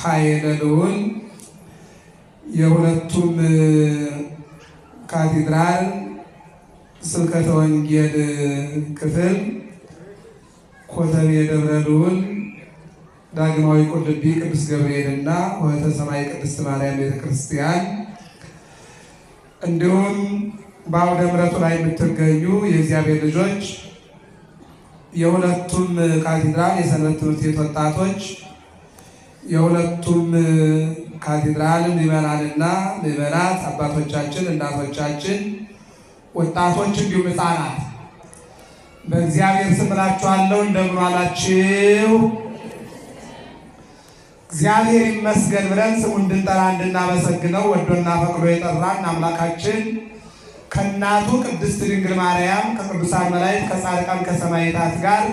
ኃይለ ልዑል የሁለቱም ካቴድራል ስብከተ ወንጌል ክፍል ኮተቤ ደብረ ልዑል ዳግማዊ ቁልቢ ቅዱስ ገብርኤልና ኆኅተ ሰማይ ቅድስት ማርያም ቤተክርስቲያን እንዲሁም በአውደ ምሕረቱ ላይ የምትገኙ የእግዚአብሔር ልጆች የሁለቱም ካቴድራል የሰንበት ትምህርት ቤት ወጣቶች የሁለቱም ካቴድራል ምዕመናንና ምዕመናት አባቶቻችን፣ እናቶቻችን፣ ወጣቶች እንዲሁም ሕፃናት በእግዚአብሔር ስም እላችኋለሁ እንደምን አላችሁ። እግዚአብሔር ይመስገን ብለን ስሙ እንድንጠራ እንድናመሰግነው ወዶና ፈቅዶ የጠራን አምላካችን ከእናቱ ቅድስት ድንግል ማርያም ከቅዱሳን መላእክት ከጻድቃን ከሰማዕታት ጋር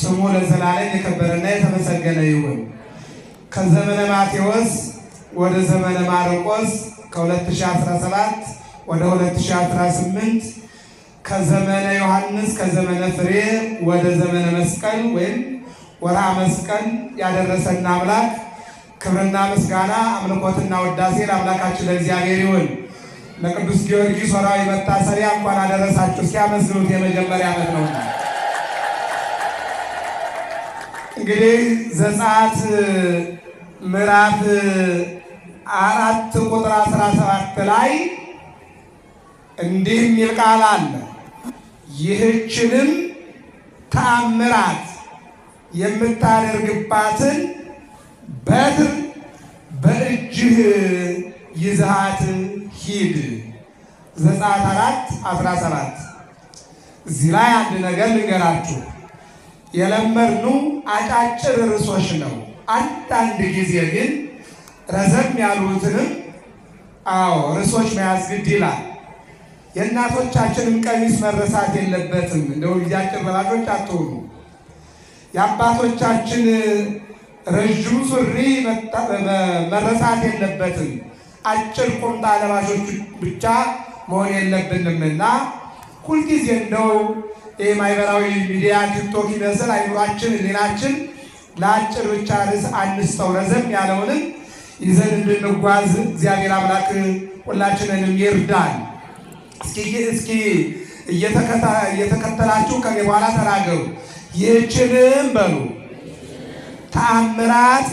ስሙ ለዘላለም የከበረና የተመሰገነ ይሁን። ከዘመነ ማቴዎስ ወደ ዘመነ ማርቆስ ከ2017 ወደ 2018 ከዘመነ ዮሐንስ ከዘመነ ፍሬ ወደ ዘመነ መስቀል ወይም ወርሃ መስቀል ያደረሰን አምላክ ክብርና ምስጋና አምልኮትና ወዳሴ ለአምላካችን ለእግዚአብሔር ይሁን። ለቅዱስ ጊዮርጊስ ወርሃዊ መታሰቢያ እንኳን አደረሳችሁ። ሲያመስሉት የመጀመሪያ ዓመት ነው። እንግዲህ ዘጸአት ምዕራፍ አራት ቁጥር አስራ ሰባት ላይ እንዲህ የሚል ቃል አለ። ይህችንም ተአምራት የምታደርግባትን በትር በእጅህ ይዛት ሂድ። ዘጸአት አራት አስራ ሰባት እዚህ ላይ አንድ ነገር ልንገራችሁ። የለመድኑ አጫጭር ርዕሶች ነው። አንዳንድ ጊዜ ግን ረዘም ያሉትንም አዎ ርዕሶች መያዝ ግድ ይላል። የእናቶቻችንም ቀሚስ መረሳት የለበትም። እንደው ልጃችን በላጆች አትሆኑ። የአባቶቻችን ረዥም ሱሪ መረሳት የለበትም። አጭር ቁምጣ ለባሾች ብቻ መሆን የለብንም እና ሁልጊዜ እንደው የማህበራዊ ሚዲያ ቲክቶክ ይመስል አይኑራችን ሌላችን ለአጭር ብቻ ርዕስ አንስተው ረዘም ያለውንም ይዘን እንድንጓዝ እግዚአብሔር አምላክ ሁላችንንም ይርዳል። እስኪ እየተከተላችሁ ከኔ በኋላ ተናገሩ። ይህችንም በሉ ተአምራት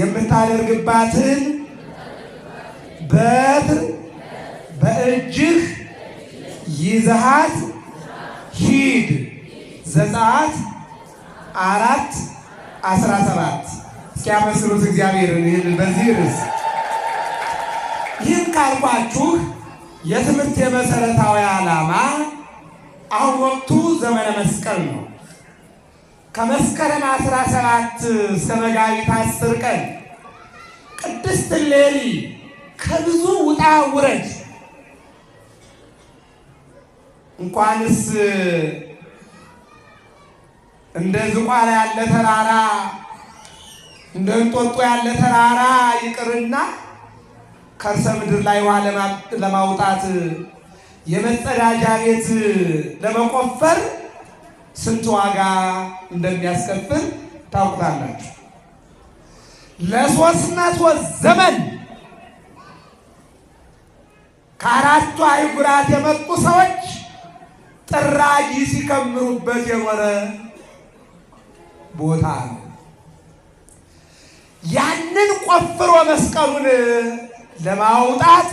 የምታደርግባትን በትር በእጅህ ይዘሃት ሂድ። ዘጸአት አራት አስራ ሰባት እስኪያመስሉት እግዚአብሔርን። ይህንን በዚህ ርዕስ ይህን ካልኳችሁ የትምህርት የመሰረታዊ ዓላማ አሁን ወቅቱ ዘመነ መስቀል ነው። ከመስከረም 17 እስከ መጋቢት አስር ቀን ቅድስት እሌኒ ከብዙ ውጣ ውረድ እንኳንስ እንደ ዝቋላ ያለ ተራራ እንደ እንጦጦ ያለ ተራራ ይቅርና ከርሰ ምድር ላይ ውሃ ለማውጣት የመጸዳጃ ቤት ለመቆፈር ስንት ዋጋ እንደሚያስከፍል ታውቁታላችሁ። ለሶስት መቶ ዘመን ከአራቱ አህጉራት የመጡ ሰዎች ጥራጊ ሲከምሩበት የኖረ ቦታ ነው። ያንን ቆፍሮ መስቀሉን ለማውጣት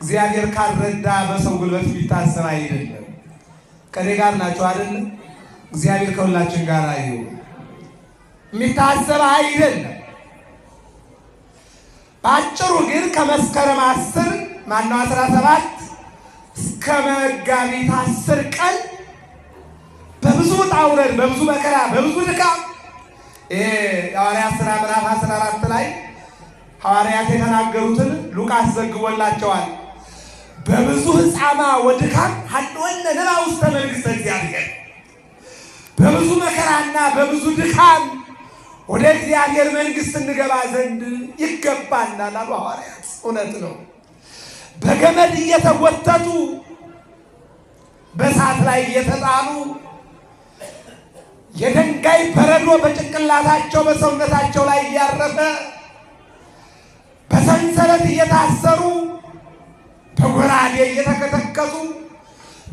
እግዚአብሔር ካልረዳ በሰው ጉልበት የሚታሰብ አይደለም። ከኔ ጋር ናቸው አይደል? እግዚአብሔር ከሁላችን ጋር አዩ። የሚታሰብ አይደለም። በአጭሩ ግን ከመስከረም አስር ማነው አስራ ሰባት እስከ መጋቢት አስር ቀን በብዙ ጣውረድ በብዙ መከራ በብዙ ድካም ሐዋርያት ሥራ ምዕራፍ አስራ ላይ ሐዋርያት የተናገሩትን ሉቃስ ዘግቦላቸዋል። በብዙ ሕፃማ ወድካም ሀልወነ ለውስተ መንግሥተ እግዚአብሔር በብዙ መከራና በብዙ ድካም ወደ እግዚአብሔር መንግሥት እንገባ ዘንድ ይገባናል አሉ ሐዋርያት። እውነት ነው። በገመድ እየተጎተቱ በእሳት ላይ እየተጣሉ የድንጋይ በረዶ በጭንቅላታቸው በሰውነታቸው ላይ እያረፈ በሰንሰለት እየታሰሩ በጎራዴ እየተከተከሱ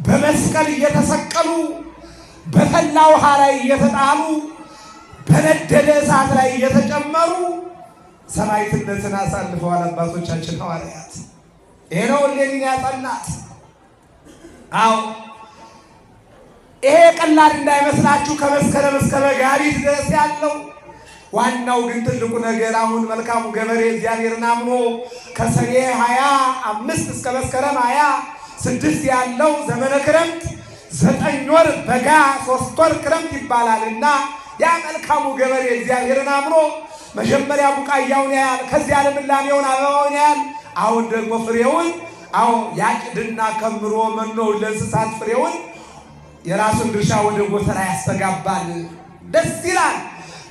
በመስቀል እየተሰቀሉ በፈላ ውሃ ላይ እየተጣሉ በነደደ እሳት ላይ እየተጨመሩ ሰማዕትነትን አሳልፈዋል አባቶቻችን ሐዋርያት። ይሄ ነው እሌኒን ያጸናት። አዎ ይሄ ቀላል እንዳይመስላችሁ ከመስከረም እስከ መጋቢት ድረስ ያለው ዋናው ግን ትልቁ ነገር አሁን መልካሙ ገበሬ እግዚአብሔርን አምኖ ከሰኔ ሀያ አምስት እስከ መስከረም ሀያ ስድስት ያለው ዘመነ ክረምት ዘጠኝ ወር በጋ ሶስት ወር ክረምት ይባላል እና ያ መልካሙ ገበሬ እግዚአብሔርን አምኖ መጀመሪያ ቡቃያውን ያያል፣ ከዚያ ልምላሜውን አበባውን ያያል። አሁን ደግሞ ፍሬውን አዎ ያጭድና ከምሮ መኖውን ለእንስሳት ፍሬውን የራሱን ድርሻ ወደ ጎተራ ያስተጋባል። ደስ ይላል።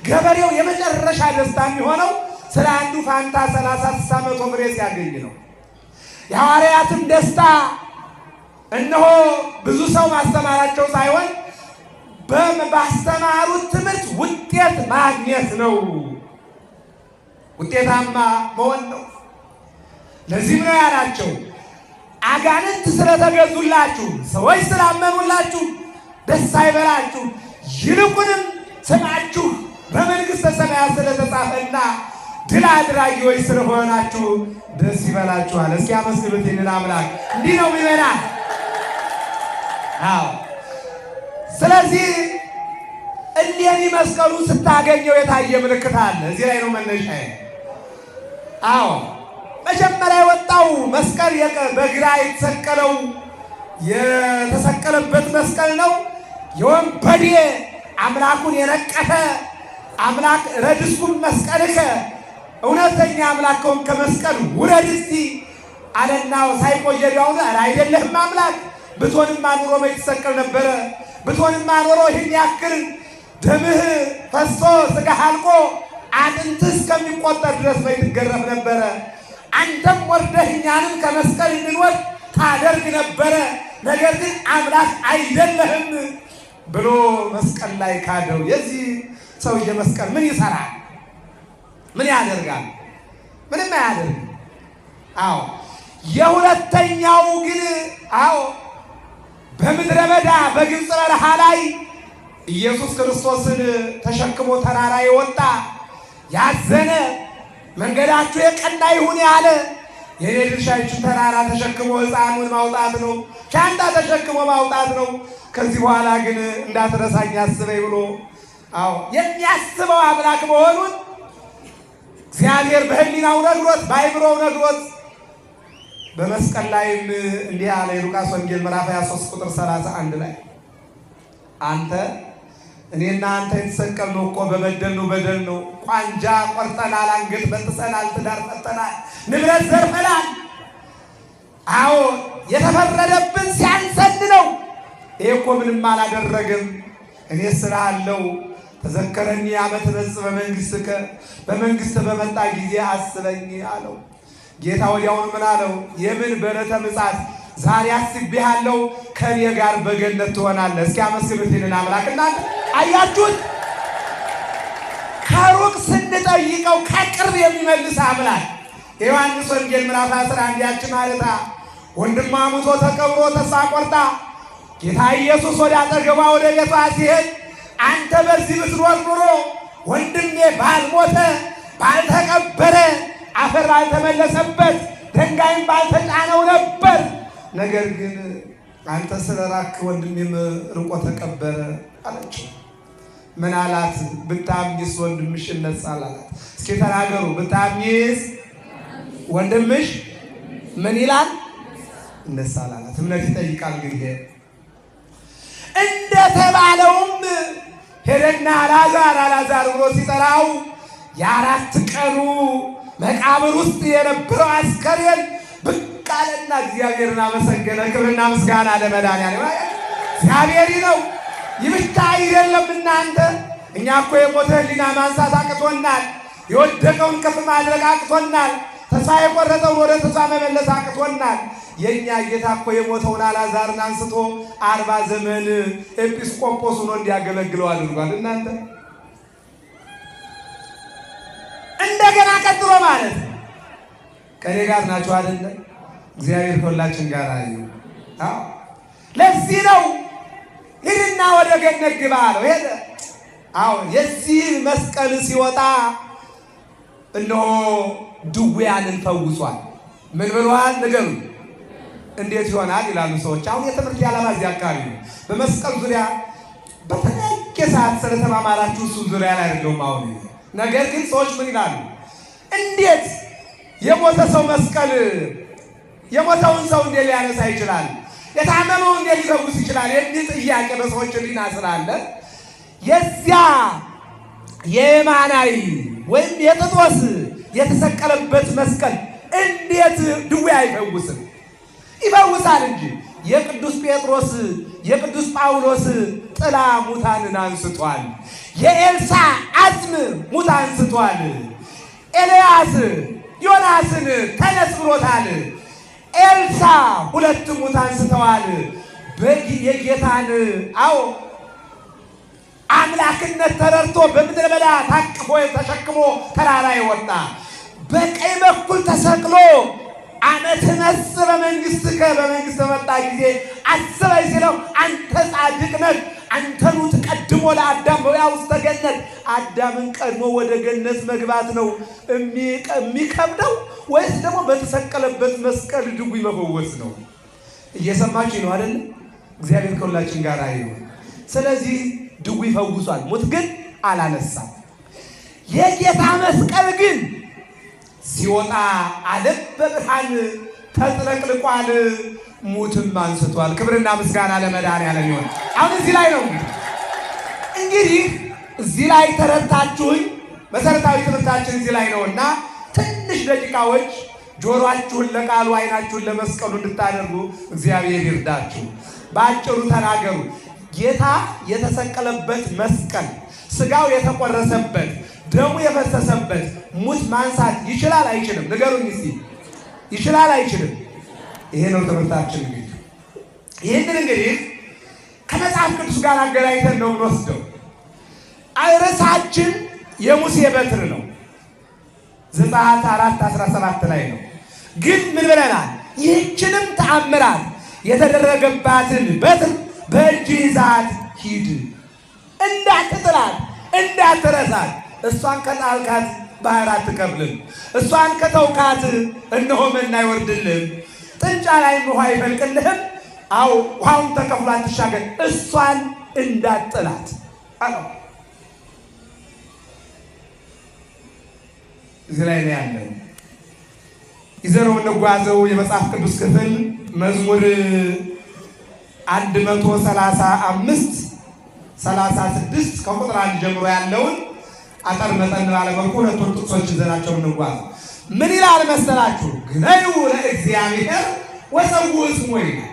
ገበሬው የመጨረሻ ደስታ የሚሆነው ስለ አንዱ ፋንታ ሰላሳ ስሳ መቶ ፍሬ ሲያገኝ ነው። የሐዋርያትም ደስታ እነሆ ብዙ ሰው ማስተማራቸው ሳይሆን ባስተማሩት ትምህርት ውጤት ማግኘት ነው፣ ውጤታማ መሆን ነው። ለዚህም ነው ያላቸው አጋንንት ስለተገዙላችሁ፣ ሰዎች ስላመኑላችሁ ደስ አይበላችሁ፣ ይልቁንም ስማችሁ በመንግሥተ ሰማያት ስለተጻፈና ድል አድራጊዎች ስለሆናችሁ ደስ ይበላችኋል። እስኪ አመስግኑት ይህንን አምላክ። እንዲህ ነው ይበላል። አዎ። ስለዚህ እኒህን መስቀሉ ስታገኘው የታየ ምልክት አለ። እዚህ ላይ ነው መነሻ። አዎ መጀመሪያ የወጣው መስቀል በግራ የተሰቀለው የተሰቀለበት መስቀል ነው። የወንበዴ አምላኩን የነቀፈ አምላክ ረድስኩን መስቀልከ እውነተኛ አምላክ ከሆን ከመስቀል ውረድ እስቲ አለና ሳይቆየ ቢያውነ አይደለህም አምላክ ብትሆንማ ኑሮ በይተሰቀል ነበረ። ብትሆንማ ኑሮ ይህን ያክል ደምህ ፈሶ ስጋህ አልቆ አጥንትህ እስከሚቆጠር ድረስ በይትገረፍ ነበረ። አንተም ወርደህ እኛንም ከመስቀል እንድንወድ ታደርግ ነበረ። ነገር ግን አምላክ አይደለህም። ብሎ መስቀል ላይ ካደው። የዚህ ሰውዬ መስቀል ምን ይሰራል? ምን ያደርጋል? ምንም አያደርግ። አዎ የሁለተኛው ግን አዎ በምድረ በዳ በግብፅ በረሃ ላይ ኢየሱስ ክርስቶስን ተሸክሞ ተራራ የወጣ ያዘነ መንገዳችሁ የቀና ይሁን ያለ የኔ ድርሻችን ተራራ ተሸክሞ ሕፃኑን ማውጣት ነው። ሻንጣ ተሸክሞ ማውጣት ነው። ከዚህ በኋላ ግን እንዳትረሳኝ አስበኝ ብሎ አዎ የሚያስበው አምላክ መሆኑን እግዚአብሔር በህሊናው ነግሮት በአይምሮው ነግሮት በመስቀል ላይም እንዲህ አለ። የሉቃስ ወንጌል ምዕራፍ 23 ቁጥር 31 ላይ አንተ እኔና አንተ የተሰቀልነው እኮ በበደል በደል ነው። ቋንጃ ቆርጠናል፣ አንገት በጥሰናል፣ ትዳር ፈተናል፣ ንብረት ዘርፈናል። አዎ የተፈረደብን ሲያንሰን ነው። ይሄ እኮ ምንም አላደረግም። እኔ ስራ አለው ተዘከረኒ አመት ትመጽእ በመንግሥትከ፣ በመንግስት በመጣ ጊዜ አስበኝ አለው። ጌታ ወዲያውኑ ምን አለው? የምን በለተ ምጻት ዛሬ አስቤሃለሁ፣ ከኔ ጋር በገነት ትሆናለህ። እስኪ አመስግኑት ይህንን አምላክ። እናንተ አያችሁት? ከሩቅ ስንጠይቀው ከቅርብ የሚመልስ አምላክ። የዮሐንስ ወንጌል ምዕራፍ አስር አንዲያችን ማለታ ወንድሟ ሙቶ ተቀብሮ ተስፋ ቆርጣ ጌታ ኢየሱስ ወደ አጠገቧ ወደ ቤቷ ሲሄድ አንተ በዚህ ብትኖር ኑሮ ወንድሜ ባልሞተ ባልተቀበረ አፈር ባልተመለሰበት ድንጋይም ባልተጫነው ነበር ነገር ግን አንተ ስለ ራክ ወንድሜም ርቆ ተቀበረ አለችው። ምን አላት? ብታምኝስ ወንድምሽ ይነጻል አላት። እስኪ ተናገሩ። ብታምኝስ ወንድምሽ ምን ይላል? ይነሳል አላት። እምነት ይጠይቃል። ግን እንግዲህ እንደተባለውም ሄደና አላዛር አላዛር ብሎ ሲጠራው የአራት ቀኑ መቃብር ውስጥ የነበረው አስከሬን ዝቅ አለና እግዚአብሔርን አመሰገነ። ክብርና ምስጋና ለመድኃኒዓለም እግዚአብሔር ነው። ይህ ብቻ አይደለም እናንተ እኛ እኮ የሞተ ሕሊና ማንሳት አቅቶናል። የወደቀውን ከፍ ማድረግ አቅቶናል። ተስፋ የቆረጠውን ወደ ተስፋ መመለስ አቅቶናል። የእኛ ጌታ እኮ የሞተውን አልዓዛርን አንስቶ አርባ ዘመን ኤጲስቆጶስ ሆኖ እንዲያገለግለው አድርጓል። እናንተ እንደገና ቀጥሎ ማለት ከኔ ጋር ናቸው አይደለም እግዚአብሔር ከሁላችን ጋር አለ። ለዚህ ነው ሂድና ወደ ገነት ግባ አለው። ሄደ። አሁን የዚህ መስቀል ሲወጣ እነሆ ድውያንን ፈውሷል። ምን ብሏል? ንገሩ እንዴት ይሆናል ይላሉ ሰዎች። አሁን የትምህርት ያላማ እዚህ አካባቢ ነው። በመስቀል ዙሪያ በተለያየ ሰዓት ስለተማማራችሁ እሱ ዙሪያ ላይ አይደለሁም አሁን። ነገር ግን ሰዎች ምን ይላሉ? እንዴት የሞተ ሰው መስቀል የሞተውን ሰው እንዴት ሊያነሳ ይችላል? የታመመው እንዴት ሊፈውስ ይችላል? የሚል ጥያቄ በሰዎች ሊና ስላለ የዚያ የማናዊ ወይም የጥጦስ የተሰቀለበት መስቀል እንዴት ድዌ አይፈውስም? ይፈውሳል እንጂ። የቅዱስ ጴጥሮስ የቅዱስ ጳውሎስ ጥላ ሙታንን አንስቷል። የኤልሳ አጽም ሙታ አንስቷል። ኤልያስ ዮናስን ተነስ ብሎታል። ኤልሳ ሁለት ሙት አንስተዋል። የጌታን አዎ አምላክነት ተረድቶ በምድረ በዳ ታቅፎ ተሸክሞ ተራራ ይወጣ። በቀኝ በኩል ተሰቅሎ አመትነስ በመንግሥትከ በመንግሥት በመጣ ጊዜ አስበኝ ሲለው አንተ ጻድቅ ነህ አንተኑ ትቀድሞ ለአዳም ሆያ ውስጥ ተገነት አዳምን ቀድሞ ወደ ገነት መግባት ነው የሚከብደው ወይስ ደግሞ በተሰቀለበት መስቀል ድጉይ መፈወስ ነው? እየሰማችሁ ነው አይደል? እግዚአብሔር ከሁላችን ጋር ይሁን። ስለዚህ ድውይ ፈውሷል፣ ሙት ግን አላነሳም። የጌታ መስቀል ግን ሲወጣ ዓለም በብርሃን ተጥለቅልቋል፣ ሙትም አንስቷል። ክብርና ምስጋና ለመድኃኔዓለም ይሁን። አሁን እዚህ ላይ ነው እንግዲህ እዚህ ላይ ተረድታችሁኝ፣ መሰረታዊ ትምህርታችን እዚህ ላይ ነውና ትንሽ ደቂቃዎች ጆሮአችሁን ለቃሉ አይናችሁን ለመስቀሉ እንድታደርጉ እግዚአብሔር ይርዳችሁ። በአጭሩ ተናገሩ። ጌታ የተሰቀለበት መስቀል ስጋው የተቆረሰበት ደሙ የፈሰሰበት ሙት ማንሳት ይችላል አይችልም? ንገሩኝ እስኪ። ይችላል አይችልም? ይሄ ነው ትምህርታችን። እንግዲህ ይህንን እንግዲህ ከመጽሐፍ ቅዱስ ጋር አገናኝተን ነው የምንወስደው። ርዕሳችን የሙሴ በትር ነው። ዘጸአት አራት አስራ ሰባት ላይ ነው። ግን ምን ብለናል? ይህችንም ተአምራት የተደረገባትን በትር በእጅ ይዛት ሂድ፣ እንዳትጥላት፣ እንዳትረሳት እሷን ከጣልካት ባህር አትከፍልም። እሷን ከተውካት እነሆ መና አይወርድልህም። ጥንጫ ላይ ውሃ አይፈልቅልህም። አው ውሃውን ተከፍሎ አትሻገር። እሷን እንዳትጥላት እዚህ ላይ ነው ያለን። ይዘነው የምንጓዘው የመጽሐፍ ቅዱስ ክፍል መዝሙር አንድ መቶ ሰላሳ አምስት ሰላሳ ስድስት ከቁጥር አንድ ጀምሮ ያለውን አጠር መጠን ባለ መልኩ ሁለቱን ጥቅሶች ይዘናቸው እንጓዝ። ምን ይላል መሰላችሁ? ግነዩ ለእግዚአብሔር ወሰው ስሙ ይላል።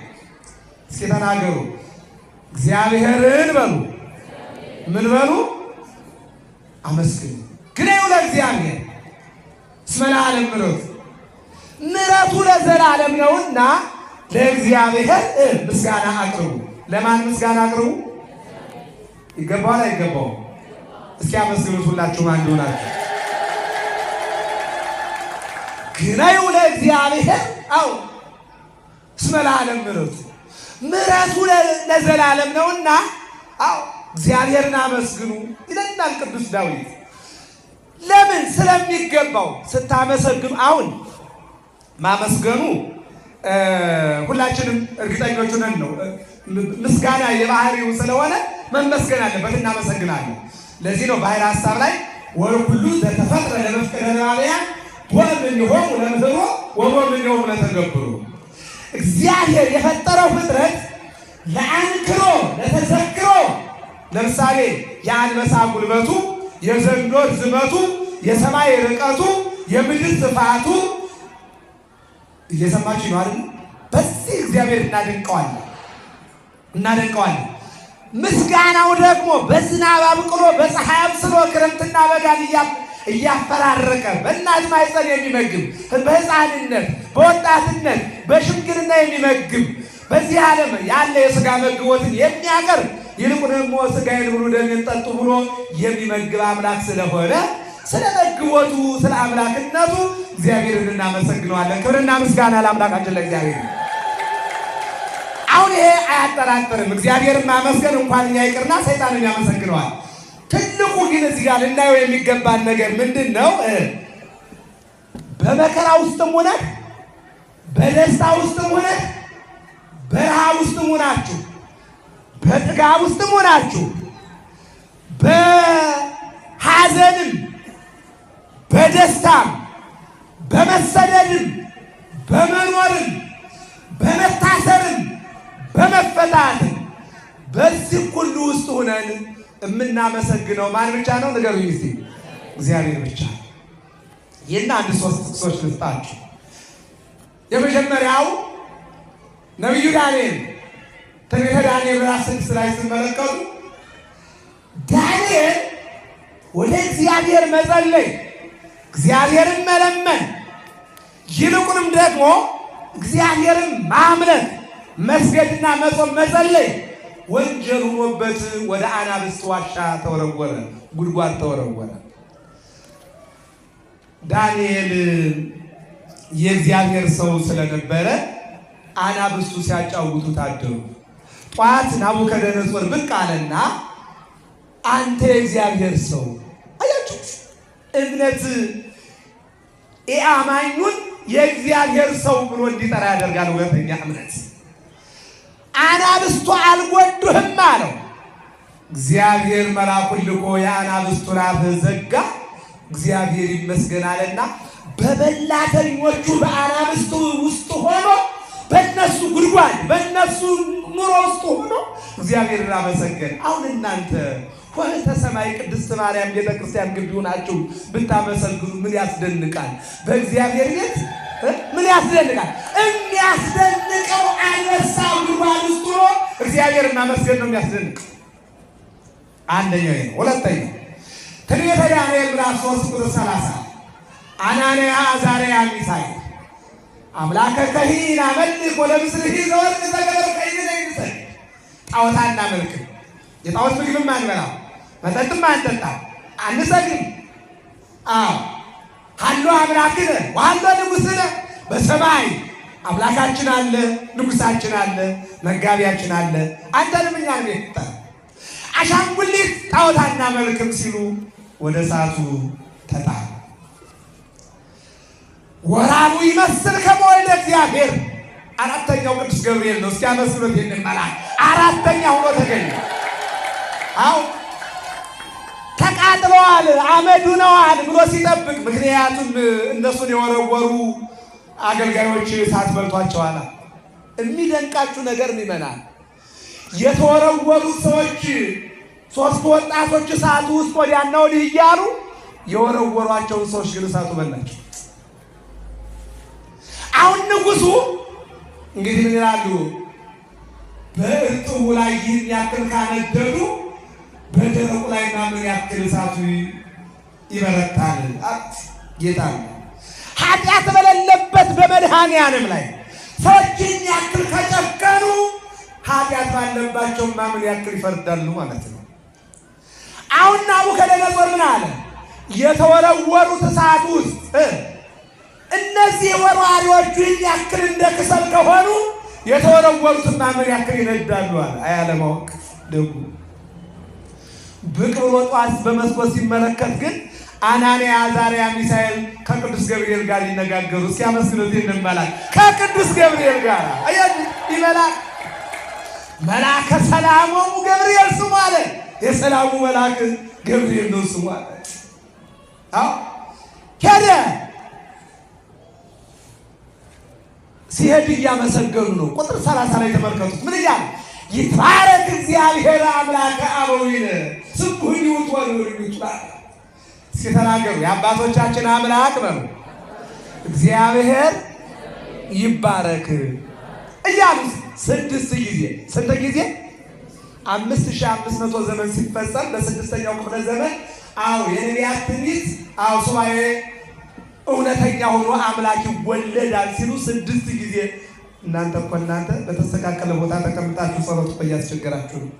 እስኪ ተናገሩ። እግዚአብሔርን በሉ ምን በሉ አመስግኑ። ግነዩ ለእግዚአብሔር እስመ ለዓለም ምሕረቱ ምሕረቱ ለዘላለም ነውና ለእግዚአብሔር ምስጋና አቅርቡ። ለማን ምስጋና አቅርቡ? ይገባዋል አይገባውም? እስኪያመስግኑት ሁላችሁም አንድ ሆናችሁ ግነዩ ለእግዚአብሔር አው እስመ ለዓለም ምሕረቱ ምሕረቱ ለዘላለም ነውና አው እግዚአብሔርን አመስግኑ ይለናል ቅዱስ ዳዊት። ለምን ስለሚገባው ስታመሰግኑ። አሁን ማመስገኑ ሁላችንም እርግጠኞች ነን ነው ምስጋና የባህሪው ስለሆነ መመስገን አለበት። እናመሰግናለን። ለዚህ ነው ባሕር ሀሳብ ላይ ወኩሉ ዘተፈጥረ ለመፍቀረ ለማብያን ወእምኔሆሙ ለምድሮ ወእምኔሆሙ ለተገብሩ እግዚአብሔር የፈጠረው ፍጥረት ለአንክሮ ለተዘክሮ ለምሳሌ የአንበሳ ጉልበቱ፣ የዘንዶ ዝመቱ፣ የሰማይ ርቀቱ፣ የምድር ስፋቱ እየሰማችሁ ነው አይደል? በዚህ እግዚአብሔር እናደንቀዋለን እናደንቀዋለን። ምስጋናው ደግሞ በዝናብ አብቅሎ በፀሐይ አብስሎ ክረምትና በጋን እያፈራረቀ በእናት ማይፀን የሚመግብ በሕፃንነት በወጣትነት በሽምግልና የሚመግብ በዚህ ዓለም ያለ የሥጋ መግቦትን የሚያቀርብ ይልቁን ደግሞ ሥጋዬን ብሉ ደሜን ጠጡ ብሎ የሚመግብ አምላክ ስለሆነ ስለ መግቦቱ ስለ አምላክነቱ እግዚአብሔርን እናመሰግነዋለን። ክብርና ምስጋና ለአምላካችን ለእግዚአብሔር። አሁን ይሄ አያጠራጥርም። እግዚአብሔር ማመስገን እንኳን እኛ ይቅርና ሰይጣንን ያመሰግነዋል። ትልቁ ግን እዚህ ጋር ልናየው የሚገባን ነገር ምንድን ነው? በመከራ ውስጥም ሆነህ በደስታ ውስጥም ሆነህ በረሃብ ውስጥም ሆናችሁ በጥጋብ ውስጥም ሆናችሁ በሐዘንም በደስታም በመሰደድም በመኖርም በመታሰርም በመፈታት በዚህ ሁሉ ውስጥ ሁነን የምናመሰግነው ማን ብቻ ነው? ንገሩ ጊዜ እግዚአብሔር ብቻ። ይህን አንድ ሶስት ጥቅሶች ልስጣችሁ። የመጀመሪያው ነቢዩ ዳንኤል ትንቢተ ዳንኤል ምዕራፍ ስድስት ላይ ስንመለከቱ ዳንኤል ወደ እግዚአብሔር መጸለይ፣ እግዚአብሔርን መለመን ይልቁንም ደግሞ እግዚአብሔርን ማምለክ መስገድና መጾም መጸለይ ወንጀል ሆኖበት ወደ አናብስት ዋሻ ተወረወረ፣ ጉድጓድ ተወረወረ። ዳንኤል የእግዚአብሔር ሰው ስለነበረ አናብስቱ ሲያጫውቱ ታደሩ። ጧት ናቡከደነጾር ብቅ አለና አንተ የእግዚአብሔር ሰው አያችሁት? እምነት የአማኙን የእግዚአብሔር ሰው ብሎ እንዲጠራ ያደርጋል። እውነተኛ እምነት አናብስቱ አልጎዱህም አለው። እግዚአብሔር መልአኩን ልኮ የአናብስቱን አፍ ዘጋ። እግዚአብሔር ይመስገን አለና በበላተኞቹ በአናብስቱ ውስጥ ሆኖ በነሱ ጉድጓድ በነሱ ኑሮ ውስጥ ሆኖ እግዚአብሔር አመሰገን። አሁን እናንተ ወህተ ሰማይ ቅድስት ማርያም ቤተክርስቲያን ግቢ ሆናችሁ ብታመሰግኑ ምን ያስደንቃል? በእግዚአብሔር ቤት ምን ያስደንቃል? የሚያስደንቀው አንበሳ ጉድጓድ ውስጥ ሆኖ እግዚአብሔርን ማመስገን ነው የሚያስደንቅ። አንደኛው ነው። ሁለተኛው ትንቢተ ዳንኤል ምዕራፍ 3 ቁጥር 30 አናንያ አዛርያ ሚሳኤል አምላከ ከሂን አመልክ ወለምስልኪ ዘወርቅ ዘገበር ቀይነ ይምሰል ጣዖት አናመልክም፣ የጣዖት ምግብም አንበላም፣ መጠጥም አንጠጣም፣ አንሰግም። አዎ አሎ አምላክነ ዋሎ ንጉሥነ በሰማይ አምላካችን አለ፣ ንጉሳችን አለ፣ መጋቢያችን አለ። አንተንም እኛ ነው አሻንጉሊት ጣዖታና መልክም ሲሉ ወደ እሳቱ ተጣሉ። ወራኑ ይመስል ከመወልደ እግዚአብሔር አራተኛው ቅዱስ ገብርኤል ነው። እስኪ አመስግኑት ይህንን አራተኛ ሆኖ ተገኘ። አሁን ተቃጥለዋል፣ አመዱ ነዋል ብሎ ሲጠብቅ፣ ምክንያቱም እነሱን የወረወሩ አገልጋዮች እሳት በልቷቸዋል። የሚደንቃችሁ ነገር ይመናል። የተወረወሩ ሰዎች ሶስት ወጣቶች እሳቱ ውስጥ ወዲያና ወዲህ እያሉ የወረወሯቸውን ሰዎች ግን እሳቱ በላቸው። አሁን ንጉሱ እንግዲህ ምን ይላሉ? በእርጥቡ ላይ ይህን ያክል ካነደዱ በደረቁ ላይ ምን ያክል እሳቱ ይበረታል። ጌታ ኃጢአት በሌለበት በመድኃኔዓለም ላይ ሰዎችን ያክል ከጨከኑ ኃጢአት ባለባቸው ምን ያክል ይፈርዳሉ ማለት ነው። አሁን ናቡከደነፆር ምን አለ? የተወረወሩት እሳት ውስጥ እነዚህ ወርዋሪዎቹ ያክል እንደ ክሰል ከሆኑ የተወረወሩትማ ምን ያክል ይነዳሉ አለ። አያለማወቅ ደጉ ብቅ ብሎ ጧት በመስኮት ሲመለከት ግን አናንያ፣ አዛርያ፣ ሚሳኤል ከቅዱስ ገብርኤል ጋር ሊነጋገሩ ሲያመስሉት ይህንን መልአክ ከቅዱስ ገብርኤል ጋር ይመላክ መልአከ ሰላሞሙ ገብርኤል ስሙ አለ። የሰላሙ መልአክ ገብርኤል ነው ስሙ አለ። አዎ ሄደ። ሲሄድ እያመሰገኑ ነው። ቁጥር ሰላሳ ላይ ተመልከቱት። ምን እያለ ይባረክ እግዚአብሔር አምላከ አበዊነ ስምሁ ይውት ወልውልዱ ይባረክ። እስኪ ተናገሩ። የአባቶቻችን አምላክ በሉ እግዚአብሔር ይባረክ እያሉ ስድስት ጊዜ ስንት ጊዜ? አምስት ሺህ አምስት መቶ ዘመን ሲፈጸም በስድስተኛው ክፍለ ዘመን አዎ የነቢያት ትንቢት አዎ ሱባኤ እውነተኛ ሆኖ አምላክ ይወለዳል ሲሉ ስድስት ጊዜ እናንተ እኮ እናንተ በተስተካከለ ቦታ ተቀምጣችሁ ጸሎት እኮ እያስቸገራችሁ ነው።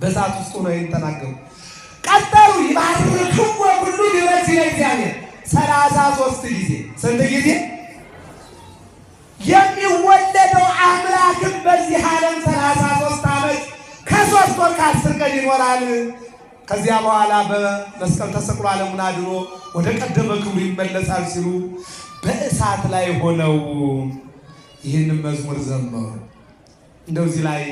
በሰዓት ውስጥ ነው የተናገሩ። ቀጠሉ ይባርክዎ ሁሉ ሊበዝ ለእግዚአብሔር ሰላሳ ሶስት ጊዜ ስንት ጊዜ የሚወለደው አምላክም በዚህ ዓለም ሰላሳ ሶስት ዓመት ከሶስት ወር ከአስር ቀን ይኖራል። ከዚያ በኋላ በመስቀል ተሰቅሎ ዓለሙን አድኖ ወደ ቀደመ ክብሩ ይመለሳል ሲሉ በእሳት ላይ ሆነው ይህንን መዝሙር ዘመሩ። እንደው እዚህ ላይ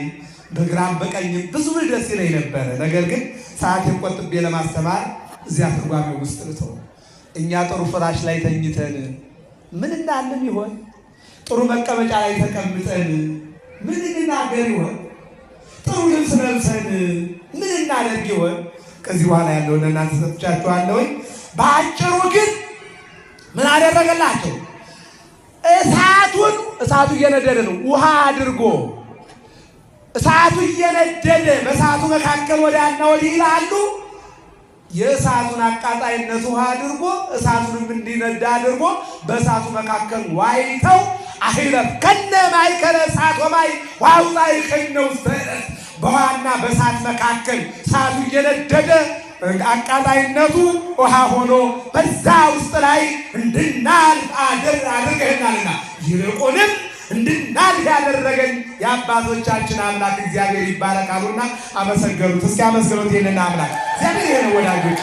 በግራም በቀኝም ብዙ ደስ ይለኝ ነበረ። ነገር ግን ሰዓት የቆጥቤ ለማስተማር እዚያ ትርጓሜ ውስጥ ልተው። እኛ ጥሩ ፍራሽ ላይ ተኝተን ምን እናለን ይሆን? ጥሩ መቀመጫ ላይ ተቀምጠን ምን እንናገር ይሆን? ጥሩ ልብስ ለብሰን ምን እናደርግ ይሆን? ከዚህ በኋላ ያለውን እናንተ ሰጥቻችኋለሁ። በአጭሩ ግን ምን አደረገላቸው? እሳቱን እሳቱ እየነደደ ነው ውሃ አድርጎ እሳቱ እየነደደ በእሳቱ መካከል ወዲያና ወዲህ ይላሉ። የእሳቱን አቃጣይነት ውሃ አድርጎ እሳቱንም እንዲነዳ አድርጎ በእሳቱ መካከል ዋይተው አሂረፍ ከነ ማይከለ እሳት ወማይ ዋውጣ ይኸኝ ነው በእሳት መካከል እሳቱ እየነደደ አቃጣይነቱ ውሃ ሆኖ በዛ ውስጥ ላይ እንድናልፍ አድርገህናልና ይልቁንም እንድናልፍ ያደረገን የአባቶቻችን አምላክ እግዚአብሔር ይባረካሉና አመሰገኑት። እስኪ አመስግኑት ይህንን አምላክ እግዚአብሔር። ይሄን ወዳጆች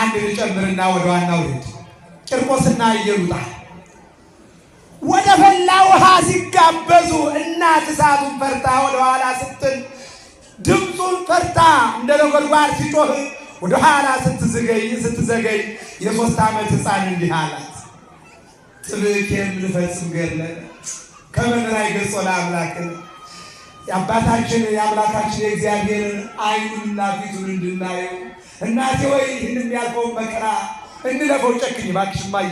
አንድ ልጨምርና ወደ ዋናው ልሂድ። ጭርቆስና እየሉጣ ወደ ፈላ ውሃ ሲጋበዙ እናት እሳቱን ፈርታ ወደ ኋላ ስትል ድምፁን ፈርታ እንደ ነጎድጓድ ሲጮህ ወደ ኋላ ስትዘገይ ስትዘገይ የሶስት ዓመት ሕፃን እንዲህ አላት፣ ጥብቄም ልፈጽም ገለ ከመንራይ ገጾ ለአምላክን የአባታችን የአምላካችን የእግዚአብሔር ዓይኑንና ፊቱን እንድናየው እናቴ ወይ ይህን የሚያልፈውን መከራ እንለፈው። ጨክኝ እባክሽ እማዬ፣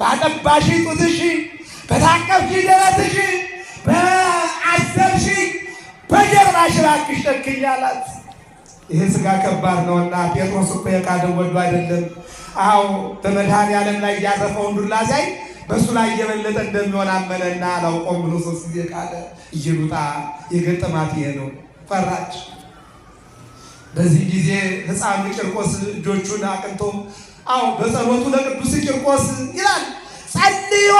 ባጠባሽ ጡትሽ፣ በታቀፍሽ ደረትሽ፣ በአዘብሽ በጀርባሽ እባክሽ ተክኝ አላት። ይህ ስጋ ከባድ ነውና ጴጥሮስ እኮ የካደው ወዶ አይደለም። አዎ በመድኃኔዓለም ላይ ያረፈውን ዱላ ሲያይ በእሱ ላይ እየበለጠ እንደሚሆን አመነና አላውቀውም ብሎ ሶስት ጊዜ ቃለ። እየሉጣ የገጠማት ይሄ ነው። ፈራች። በዚህ ጊዜ ሕፃኑ ቂርቆስ እጆቹን አቅንቶ አዎ በጸሎቱ ለቅዱስ ቂርቆስ ይላል ጸልዮ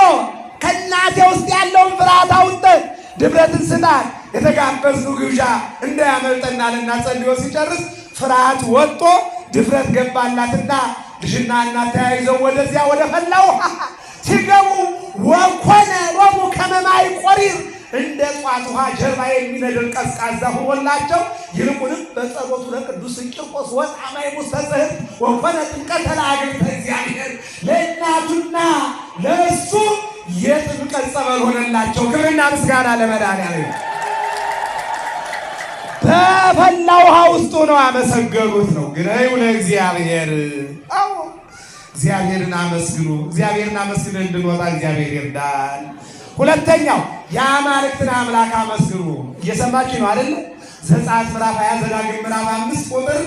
ከእናቴ ውስጥ ያለውን ፍርሃት አውጥተህ ድፍረትን ስጣት የተጋበዝነው ግብዣ እንዳያመልጠና ልና ጸልዮ ሲጨርስ ፍርሃት ወጥቶ ድፍረት ገባላትና ልጅና እናት ተያይዘው ወደዚያ ወደ ፈላ ውሃ ሲገቡ ወኮነ ሮሙ ከመማይ ቆሪር እንደ ጧት ውሃ ጀርባ የሚነድር ቀዝቃዛ ሆኖላቸው ይልቁንም በጸሎቱ ለቅዱስ ቂርቆስ ወጣማይ ሙስተጽህት ወኮነ ጥምቀተ ለአግብተ እግዚአብሔር ለእናቱና ለእሱ የጥምቀት ጸበል ሆነላቸው። ክብርና ምስጋና ለመድኃኒዓለም። በፈላ ውሃ ውስጥ ሆነው አመሰገኑት ነው። ግነዩ ለእግዚአብሔር አዎ፣ እግዚአብሔርን አመስግኑ። እግዚአብሔርን አመስግነን እንድንወጣ እግዚአብሔር ይርዳል። ሁለተኛው የአማልክትን አምላክ አመስግኑ። እየሰማችሁ ነው አይደለ? ዘጸአት ምዕራፍ ሃያ ዘዳግም ምዕራፍ አምስት ቁጥር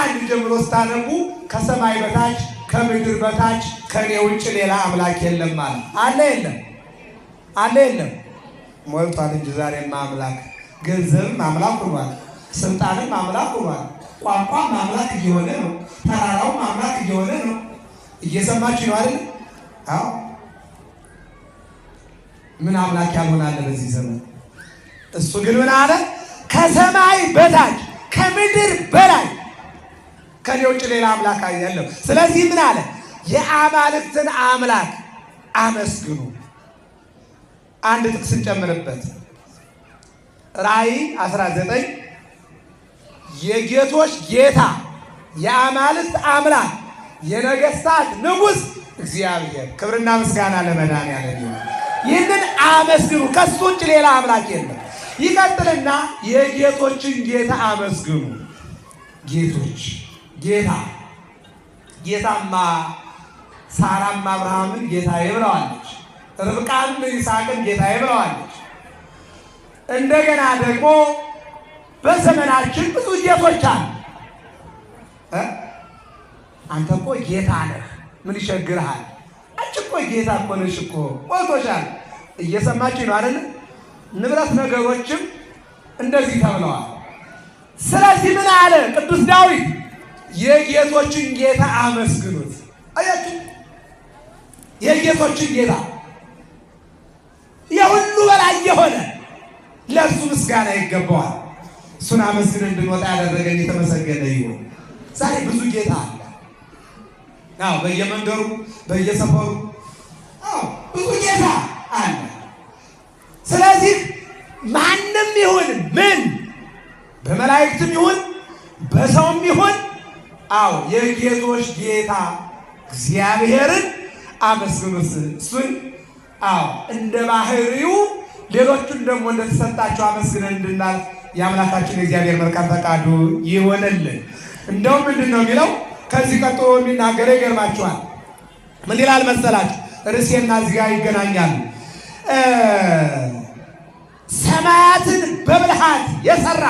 አንድ ጀምሮ ስታነቡ ከሰማይ በታች ከምድር በታች ከእኔ ውጭ ሌላ አምላክ የለም አለ። አለ የለም? አለ የለም? ሞልቷል እንጂ ዛሬማ አምላክ ገንዘብም አምላክ ሆኗል። ስልጣንም አምላክ ሆኗል። ቋንቋም አምላክ እየሆነ ነው። ተራራውም አምላክ እየሆነ ነው። እየሰማችሁ ነው አይደል? አዎ። ምን አምላክ ያልሆነ አለ በዚህ ዘመን? እሱ ግን ምን አለ? ከሰማይ በታች ከምድር በላይ ከኔ ውጭ ሌላ አምላክ የለም። ስለዚህ ምን አለ? የአማልክትን አምላክ አመስግኑ። አንድ ጥቅስ እንጨምርበት። ራእይ 19 የጌቶች ጌታ የአማልክት አምላክ የነገስታት ንጉስ እግዚአብሔር ክብርና ምስጋና ለመዳን ይሁን። ይህንን አመስግኑ፣ ከሱ ውጭ ሌላ አምላክ የለም። ይቀጥልና የጌቶችን ጌታ አመስግኑ። ጌቶች ጌታ ጌታማ ሳራም አብርሃምን ጌታዬ ብለዋለች። ርብቃንም ይስሐቅን ጌታዬ ብለዋለች። እንደገና ደግሞ በዘመናችን ብዙ ጌቶች አሉ። አንተ እኮ ጌታ ነህ፣ ምን ይቸግርሃል? አንቺ እኮ ጌታ እኮ ነሽ እኮ ሞልቶሻል። እየሰማችሁ ነው አይደል? ንብረት ነገሮችም እንደዚህ ተብለዋል። ስለዚህ ምን አለ ቅዱስ ዳዊት? የጌቶችን ጌታ አመስግኑት። አያችሁ፣ የጌቶችን ጌታ የሁሉ በላይ የሆነ ምስጋና ይገባዋል። እሱን አመስግን እንድንወጣ ያደረገን የተመሰገነ ይሁን። ዛሬ ብዙ ጌታ አለ። አዎ፣ በየመንደሩ በየሰፈሩ፣ አዎ ብዙ ጌታ አለ። ስለዚህ ማንም ይሁን ምን በመላእክትም ይሁን በሰውም ይሁን አዎ የጌቶች ጌታ እግዚአብሔርን አመስግኑት። እሱን አዎ እንደ ባህሪው ሌሎቹን ደግሞ እንደተሰጣቸው አመስግነን እንድናል የአምላካችን የእግዚአብሔር መልካም ፈቃዱ ይሆነልን። እንደውም ምንድን ነው የሚለው ከዚህ ቀጦ የሚናገረው ይገርማቸዋል ምን ይላል መሰላችሁ? ርዕሴና እዚህ ጋር ይገናኛሉ። ሰማያትን በብልሃት የሰራ